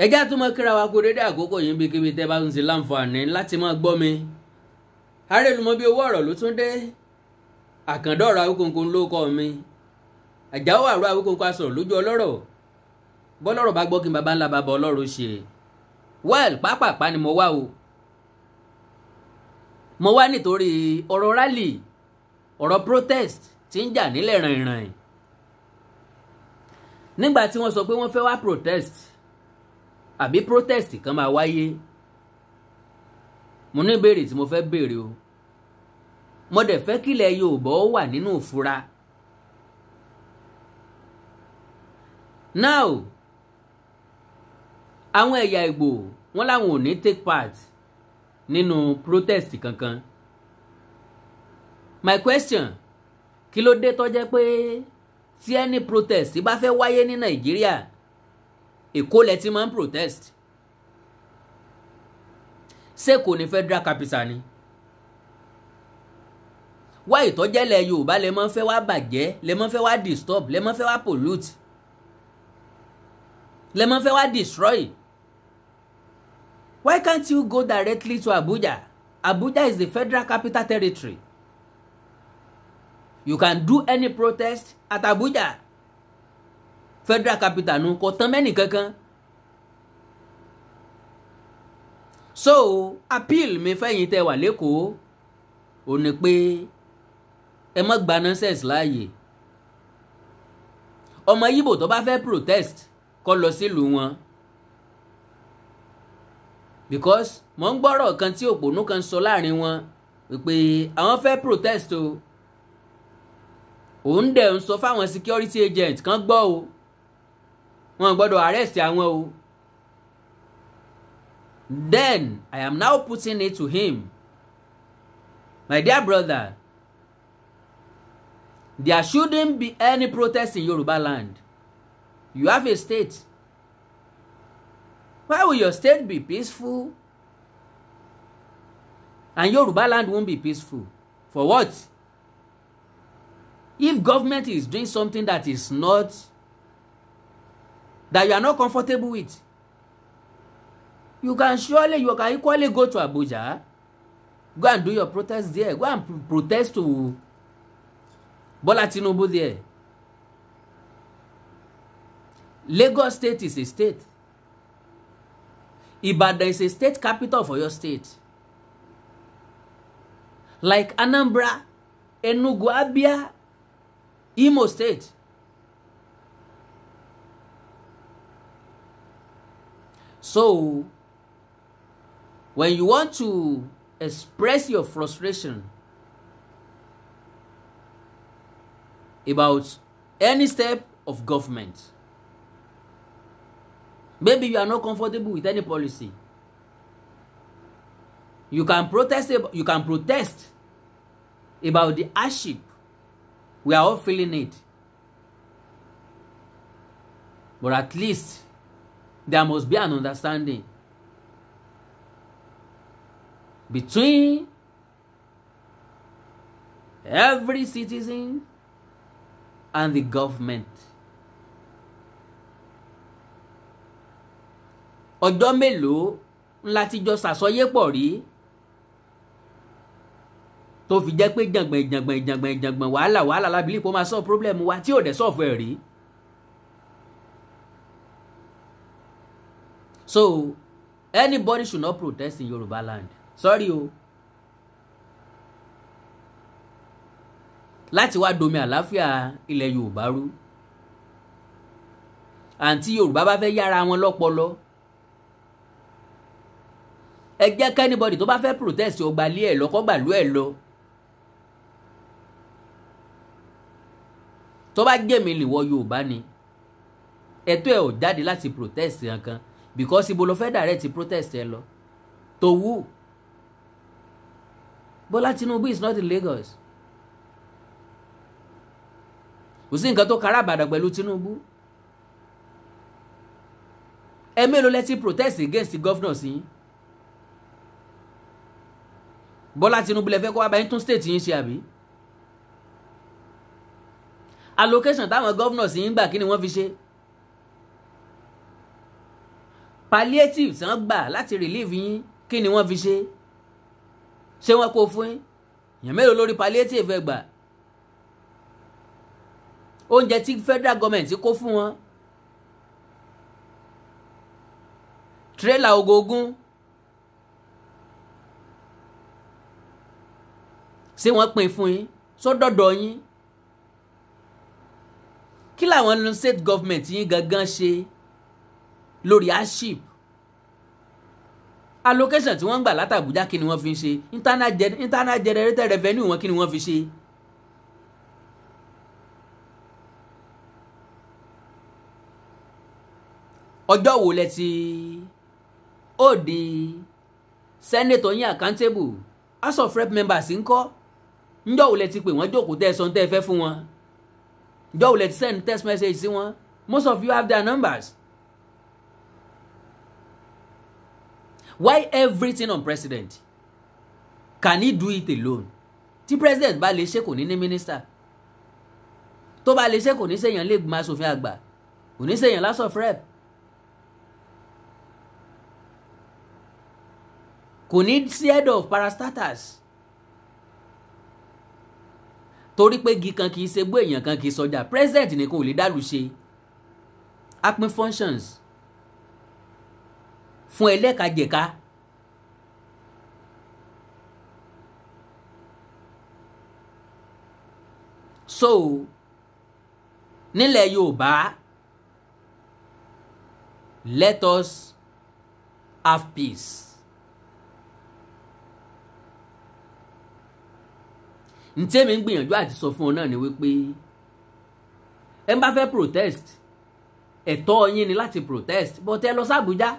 ẹjẹ́ àtúmọ̀ kíra wa kú dédé àkókò yìí bí kíbi tẹ́ bá ń ṣe láǹfààní láti máa gbọ́ mi arélùmọ́ bí owó ọ̀rọ̀ ló tún dé àkàndọ̀rọ̀ Awíkonko ló kọ́ mi àjáwó àrò Awíkonko asọ̀rọ̀ lójú ọlọ́rọ̀ bọ́lọ́rọ̀ bá gbọ́ kí n bàbá ńlá bàbá ọlọ́rọ̀ ṣe well pápápá ni mo wá o mo wá nítorí ọ̀rọ̀ rally ọ̀rọ̀ protest tí ń jà nílẹ̀ rìnrìn nígbà tí wọ́n sọ pé wọ́n fẹ́ wá protest àbí protest kan máa wáyé mo ní ìbéèrè tí mo fẹ́ béèrè o mo dẹ̀ fẹ́ kílẹ̀ Yorùbá ó wà nínú ìfura now àwọn ẹ̀yà Ìgbò wọ́n láwọn ò ní take part nínú protest kankan my question kí ló dé tó jẹ́ pé tí any protest bá fẹ́ wáyé ní Nàìjíríà Èkó lẹ ti máa ń protest ṣé kò ní federal capital ni wá ìtọ́jẹ́lẹ̀ Yorùbá lẹ máa ń fẹ́ wá bàjẹ́ lẹ máa ń fẹ́ wá disturb lẹ máa ń fẹ́ wá pollute lẹ máa ń fẹ́ wá destroy why can't you go directly to Abuja? Abuja is the federal capital territory you can do any protest at Abuja federal capital nu kò tán mẹ́nì kankan so appeal mi fẹ́yìn tẹ́ wà lẹ́kọ̀ọ́ ò ní pé ẹ má gba nonsense láàyè ọmọ yíbò tó bá fẹ́ protest kó lọ sílùú wọn because mò ń gbọ́rọ̀ kan tí òpònú kan sọ láàrin wọn pé àwọn fẹ́ protest o òun dẹ̀ ń sọ fáwọn security agents kan gbọ́ o wọn gbọ́dọ̀ arrest àwọn o then I am now putting it to him my dear brother there shouldn't be any protest in Yoruba land you have a state why will your state be peaceful and Yoruba land won't be peaceful for what if government is doing something that is not that you are not comfortable with you can surely you can equally go to Abuja go and do your protest there go and protest to Bola Tinubu there Lagos state is a state Ibadan is a state capital for your state like Anambra Enugu Abia Imo state So, when you want to express your frustration about any step of government, maybe you are not comfortable with any policy, you can protest. You can protest about the hardship we are all feeling it but at least there must be an understanding between every citizen and the government. ọjọ́ mélòó ńlá tíjọ sàsọyé pọ̀ rí tó fi jẹ́ pé jàngbọ̀n jàngbọ̀n jàngbọ̀n jàngbọ̀n wàhálà wàhálà lábílí pé ó máa sọ problem wa tí ò dẹ̀ sọ̀fọ̀ ẹ̀ rí. so anybody should not protest in Yoruba land sorry o láti wá domi àlàáfíà ilẹ̀ Yorùbá rú àǹtí Yorùbá bá fẹ́ yára wọn lọ́pọlọ ẹ jẹ́ kẹ́nibọ́dì tó bá fẹ́ protest ọgbàlé ẹ̀ lọ́kọ́gbàlú ẹ̀ lọ. tó bá jẹ́mi lè wọ Yorùbá ni ẹ̀tọ́ ẹ̀ ò jáde láti protest kankan because ibo ló fẹ́ direct protest ẹ lọ tó wù Bọ́lá Tinubu is not in Lagos kò sí nǹkan tó kára àbàdàn pẹ̀lú Tinubu ẹ mélòó lẹ́tí protest against governor sí yín Bọ́lá Tinubu lẹ fẹ́ kó wá bá yín tún state yín ṣe àbí allocation táwọn governors yín gbà kí ni wọ́n fi ṣe palliative tí wọ́n gbà láti relieve yín kí ni wọ́n fi ṣe ṣé wọ́n kó fún yín èèyàn mélòó lórí palliative ẹ gbà oúnjẹ tí federal government kó fún wọn tírélà ogógún ṣé wọ́n pín fún yín sọ́dọ̀dọ̀ yín kí làwọn state government yín gangan ṣe lórí aship allocation tí wọ́n ń gbà látàbújá kí ni wọ́n fi ń ṣe internal, generated revenue wọn kí ni wọ́n fi ṣe. ọjọ́ wo lẹ ti ó di sẹ́nẹ̀tọ̀ yín àkántébù house of rep members ń kọ́ ǹjọ́ wo lẹ ti pè wọ́n jókòó tẹ́ ẹ sọ tẹ́ ẹ fẹ́ fún wọn ǹjọ́ wo lẹ ti send text message sí wọn most of you have their numbers. why everything on president can he do it alone tí president bá lè ṣe kò ní ní minister tó bá lè ṣe kò ní ṣèyàn lè gbọmọ asòfin àgbà kò ní ṣèyàn lásọ frep kò ní sí head of parastatals torí pé igi kan kì í ṣe gbó èèyàn kan kì í sọjà president ni kò lè dàlù ṣe a functions fún ẹlẹ́kajẹ̀ka so nílẹ̀ Yorùbá let us have peace ntẹ́mi ń gbìyànjú àti sọ fún ọ náà ni wípé ẹ bá fẹ́ protest ẹ̀tọ́ yín ni láti protest bọ́tẹ́ lọ sí Àbújá.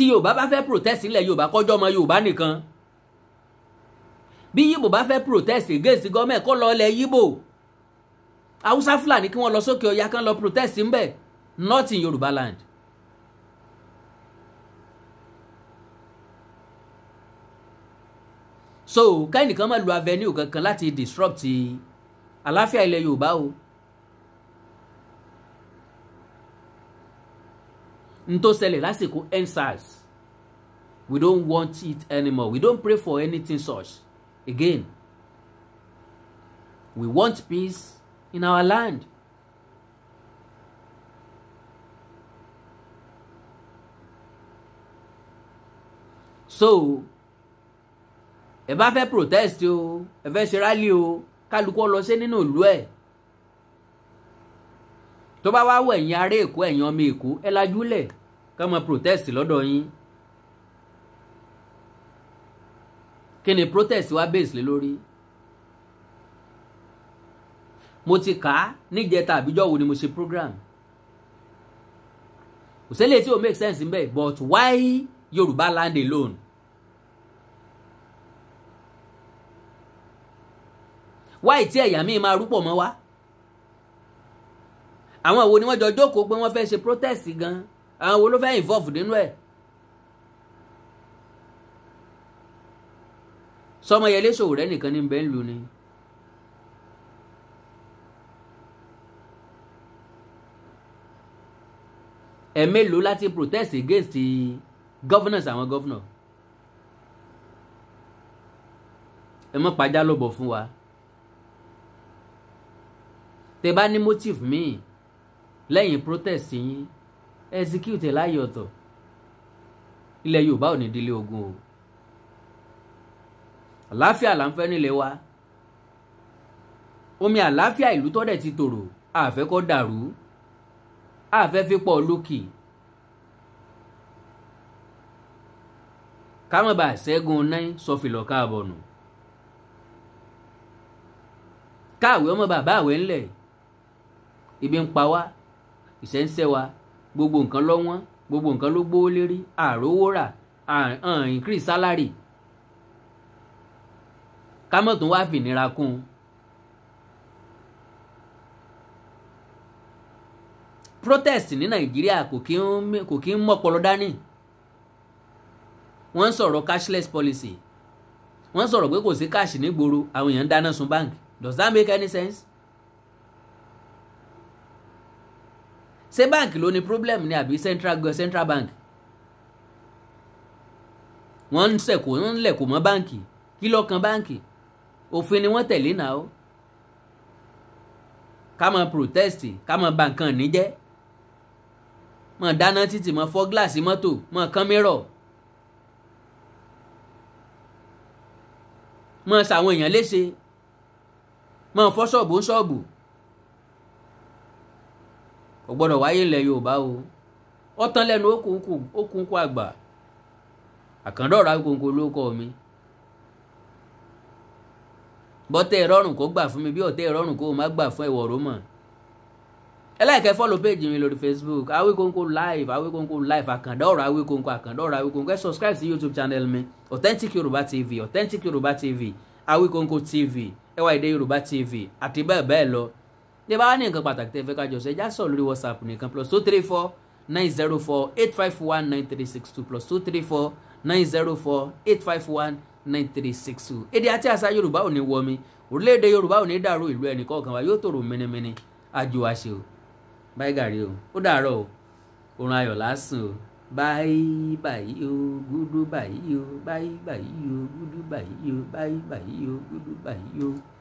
tí yorùbá bá fẹ́ protest ilẹ̀ yorùbá kọjọ́ ọmọ yorùbá nìkan bí yíbò bá fẹ́ protest against gọ́ọ̀mẹ̀ kó lọ ilẹ̀ yíbò haúsá fúlàní kí wọ́n lọ sókè ọya kan lọ protest ńbẹ̀ not in yorùbá land. so kẹ́nìkan máa lu avenue kankan láti disrupt àláfíà ilẹ̀ yorùbá o. n tó ṣẹlẹ̀ lásìkò endsars we don't want it anymore we don't pray for anything such again we want peace in our land. so ẹ bá fẹ́ protest o ẹ fẹ́ ṣe rally o kálukú lọ sí nínú ìlú ẹ̀ tó bá wá wọ ẹ̀yin ará èkó ẹ̀yin ọmọ èkó ẹ lajúlẹ̀ ká máa protest lọ́dọ̀ yín kí ni protest wa base lé lórí mo ti kà á níjẹta àbíjọ́ wo ni mo ṣe program kò sẹ́lẹ̀ tí ò make sense ń but why Yorùbá land alone why tí ẹ̀yà míì máa rúpọ̀ mọ́ wa àwọn wo ni wọ́n jọ jókòó pé wọ́n fẹ́ ṣe protest gan-an àwọn wo ló fẹ́ involve nínú ẹ̀ Sọmọyẹlé Sowore nìkan ní bẹ́ẹ̀ ń lu ni. ẹ̀mélòó láti protest against governors àwọn governor ẹ mọ́ pàjá lọ́bọ̀ fún wa tẹ bá ní motive míì lẹ́yìn protest yín execute ẹ̀ láyé ọ̀tọ̀ ilẹ̀ yorùbá ò ní délé ogun o àlàáfíà là ń fẹ́ nílé wa omi àlàáfíà ìlú tọ́dẹ̀ ti tòrò àfẹ́ kọ́ dàrú àfẹ́ fi pọ̀ lókè kámọ́bà ṣẹ́gun náà sọfìlọ̀ káàbọ̀ nù káàwé ọmọ bàbá àwẹ̀ ńlẹ̀ ibi ń pa wá ìṣẹ́ ń ṣẹ́ wa. gbogbo nǹkan lọ gbogbo nǹkan ló gbówó lérí àrówó rà increase salary kámọ̀ tó wá fìnira kún un. protest ní nàìjíríà kò kí ń kò dání wọ́n ń sọ̀rọ̀ cashless policy wọ́n ń sọ̀rọ̀ pé kò sí cash nígboro àwọn èèyàn ń dáná sun bank does that make any sense? ṣé báǹkì ló ní problem ni àbí central central bank wọ́n ń sẹ̀kò wọ́n ń lẹ̀kò mọ́ báǹkì kí ló kan báǹkì òfin ni wọ́n tẹ̀lé náà ó ká máa protest ká máa ba nǹkan níjẹ́ máa dáná títì máa fọ́ gíláàsì mọ́tò máa kán mírọ̀ máa ṣàwọn èèyàn léṣe máa fọ́ ṣọ́ọ̀bù ṣọ́ọ̀bù kò gbọ́dọ̀ wáyé ilẹ̀ yorùbá o ọtán lẹ́nu okùnkùn àgbà àkàndọ̀rọ̀ akókò olóko mi bọ́tẹ́ ìrọ̀rùn kó gbà fún mi bí ọ̀tẹ́ ìrọ̀rùn kó má gbà fún ìwọ̀ rómọ̀ ẹ láìkẹ́ fọ́lọ̀ péjì mi lórí facebook awíkóńkó live awíkóńkó live àkàndọ̀rọ̀ awíkóńkó àkàndọ̀rọ̀ awíkóńkó ẹ subscribe sí youtube channel mi authentic yorùbá tv authentic yorùbá tv awíkóńkó tv ẹwà èdè yorùbá tv àti bẹ́ẹ̀ bẹ́ẹ̀ lọ tẹ́ bá wá ní nǹkan pàtàkì tẹ́ fẹ́ ká jọ sọ ẹ já sọ lórí whatsapp nìkan plus two three four nine zero four eight five one nine three six two plus two three four nine zero four eight five one nine three six two. èdè àti àṣà yorùbá ò ní wọmi orílẹ̀-èdè yorùbá ò ní dàrú ìlú ẹnì kọ̀ọ̀kan wa yóò tòrò mẹ́nẹ́mẹ́nẹ́ àjò àṣẹ o báyìí gàrí o ó dàárọ̀ o òrùn ayọ̀ lásán o báyìí báyìí o gúdú báyìí o báyìí báyìí o gúdú báyìí o báyìí báyìí o gúdú báyìí o.